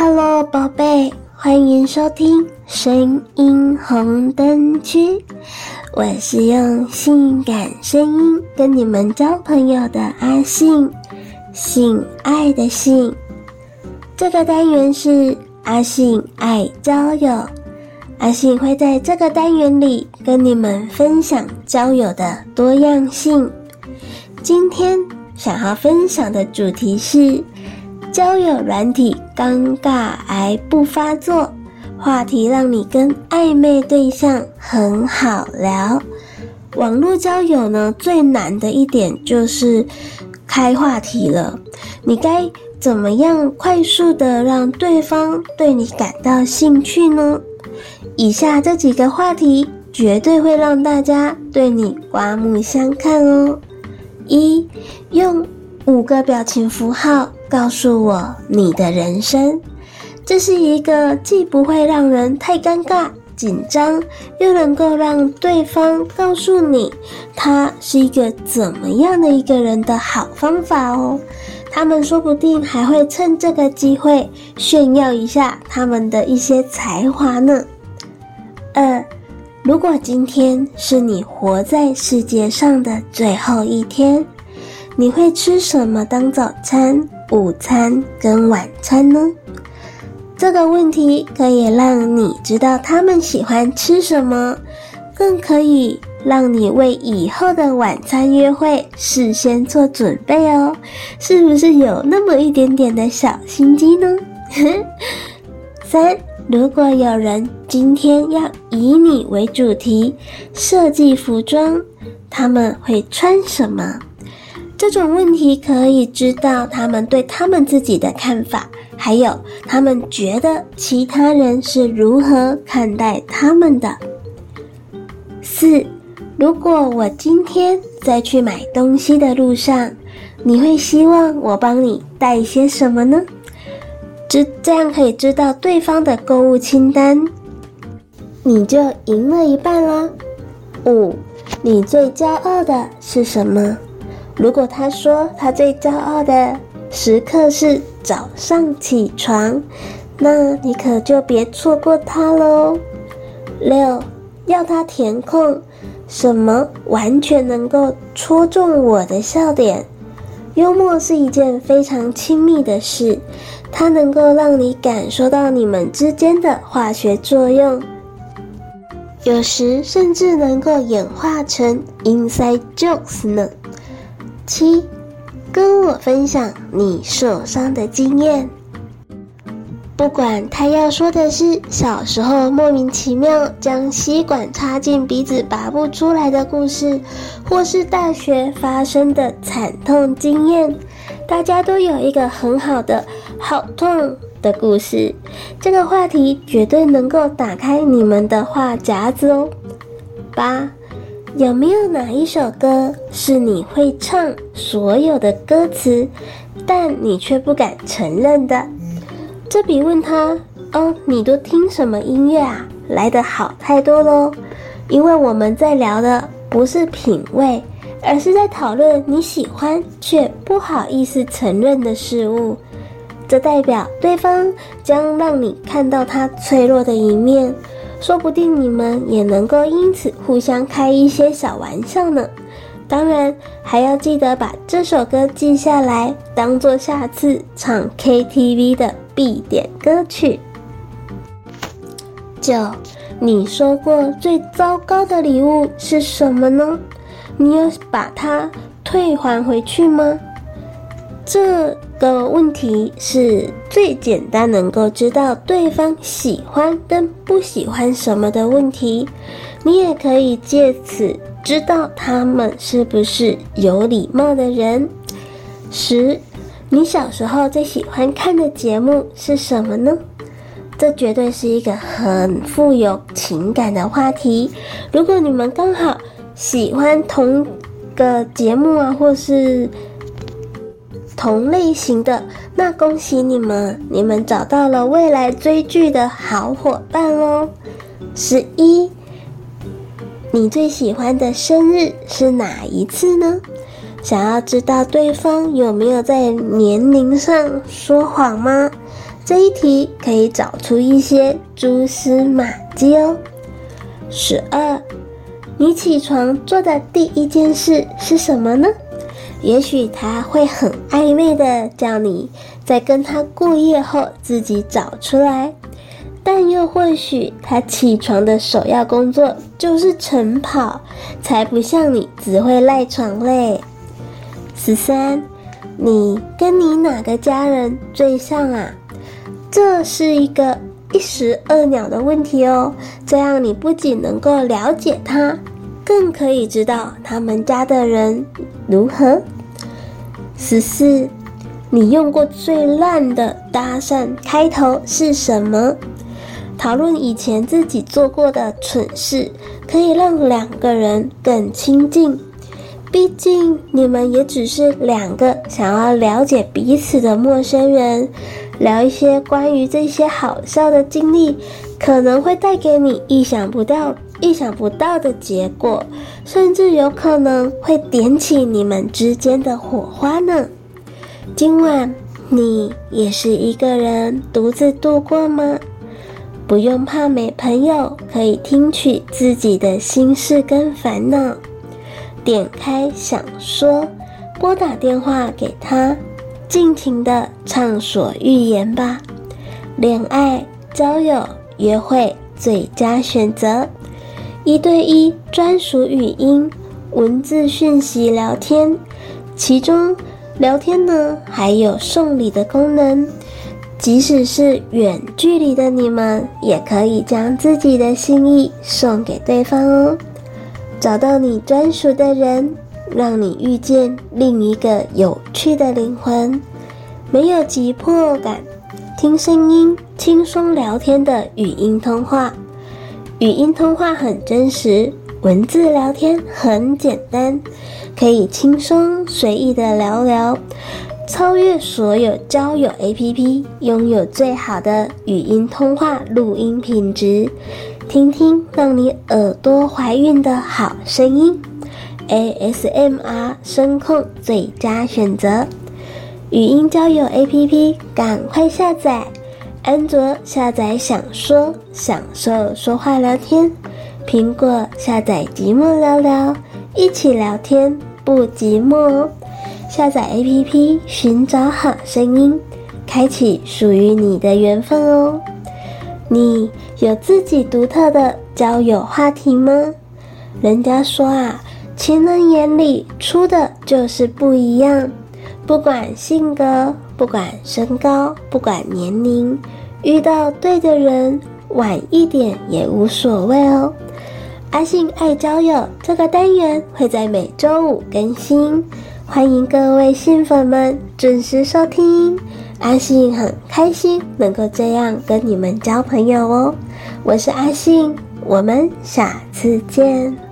Hello，寶貝，歡迎收聽聲音紅燈區。我是用性感聲音跟你們交朋友的阿性，性愛的性。這個單元是阿性愛交友，阿性會在這個單元裡跟你們分享交友的多樣性。今天想要分享的主題是。交友軟體，尷尬癌不發作，話題，讓你跟曖昧對象很好聊。網絡交友呢，最難的一點就是開話題了，你該怎麼樣快速的讓對方對你感到興趣呢？以下這幾個話題絕對會讓大家對你刮目相看哦。一，用五個表情符號，告訴我你的人生，這是一個既不會讓人太尷尬、緊張，又能夠讓對方告訴你他是一個怎麼樣的一個人的好方法哦。他們說不定還會趁這個機會炫耀一下他們的一些才華呢。二、呃，如果今天是你活在世界上的最後一天，你會吃什麼當早餐？午餐跟晚餐呢？這個問題可以讓你知道他們喜歡吃什麼，更可以讓你為以後的晚餐約會事先做準備哦。是不是有那麼一點點的小心機呢？ 三、如果有人今天要以你為主題，設計服裝，他們會穿什麼？這種問題可以知道他們對他們自己的看法，還有他們覺得其他人是如何看待他們的。四，如果我今天在去買東西的路上，你會希望我幫你帶一些什麼呢？這這樣可以知道對方的購物清單，你就贏了一半啦。五，你最驕傲的是什麼？如果他說他最驕傲的時刻是早上起床，那你可就別錯過他嘍。六，要他填空，什麼完全能夠戳中我的笑點？幽默是一件非常親密的事，它能夠讓你感受到你們之間的化學作用。有時甚至能夠演化成 inside jokes 呢。七，跟我分享你受傷的經驗。不管他要說的是小時候莫名其妙將吸管插進鼻子拔不出來的故事，或是大學發生的慘痛經驗，大家都有一個很好的好痛的故事。這個話題絕對能夠打開你們的話匣子哦。八。有沒有哪一首歌是你會唱所有的歌詞，但你卻不敢承認的？這比問他“哦，你都聽什麼音樂啊”來得好太多咯。因為我們在聊的不是品味，而是在討論你喜歡卻不好意思承認的事物。這代表對方將讓你看到他脆弱的一面。說不定你們也能夠因此互相開一些小玩笑呢。當然，還要記得把這首歌記下來，當做下次唱 KTV 的必點歌曲。九，你說過最糟糕的禮物是什麼呢？你有把它退還回去嗎？這。個問題是最簡單，能夠知道對方喜歡跟不喜歡什麼的問題，你也可以借此知道他們是不是有禮貌的人。十，你小時候最喜歡看的節目是什麼呢？這絕對是一個很富有情感的話題。如果你們剛好喜歡同個節目啊，或是。同類型的，那恭喜你們，你們找到了未來追劇的好夥伴哦。十一，你最喜歡的生日是哪一次呢？想要知道對方有沒有在年齡上說謊嗎？這一題可以找出一些蛛絲馬跡哦。十二，你起床做的第一件事是什麼呢？也許他會很曖昧的叫你在跟他過夜後自己找出來，但又或許他起床的首要工作就是晨跑，才不像你只會賴床嘞。十三，你跟你哪個家人最像啊？這是一個一石二鳥的問題哦，這樣你不僅能夠了解他。更可以知道他們家的人如何？十四，你用過最爛的搭訕開頭是什麼？討論以前自己做過的蠢事，可以讓兩個人更親近。畢竟你們也只是兩個想要了解彼此的陌生人，聊一些關於這些好笑的經歷，可能會帶給你意想不到。意想不到的結果，甚至有可能會點起你們之間的火花呢。今晚你也是一個人獨自度過嗎？不用怕沒朋友，可以聽取自己的心事跟煩惱。點開享說，撥打電話給他，盡情的暢所欲言吧。戀愛、交友、約會最佳選擇。一對一專屬語音文字訊息聊天，其中聊天呢還有送禮的功能，即使是遠距離的你們也可以將自己的心意送給對方哦。找到你專屬的人，讓你遇見另一個有趣的靈魂，沒有急迫感，聽聲音，輕鬆聊天的語音通話。語音通話很真實，文字聊天很簡單，可以輕鬆隨意的聊聊，超越所有交友 APP，擁有最好的語音通話錄音品質，聽聽讓你耳朵懷孕的好聲音，ASMR 聲控最佳選擇，語音交友 APP，趕快下載。安卓下載，享說，享受說話聊天；蘋果下載，寂寞聊聊，一起聊天不寂寞哦。下載 APP，尋找好聲音，開啟屬於你的緣分哦。你有自己獨特的交友話題嗎？人家說啊，情人眼裡出的就是不一樣。不管性格，不管身高，不管年齡，遇到對的人，晚一點也無所謂哦。阿性愛交友這個單元會在每周五更新，歡迎各位性粉們準時收聽。阿性很開心能夠這樣跟你們交朋友哦。我是阿性，我們下次見。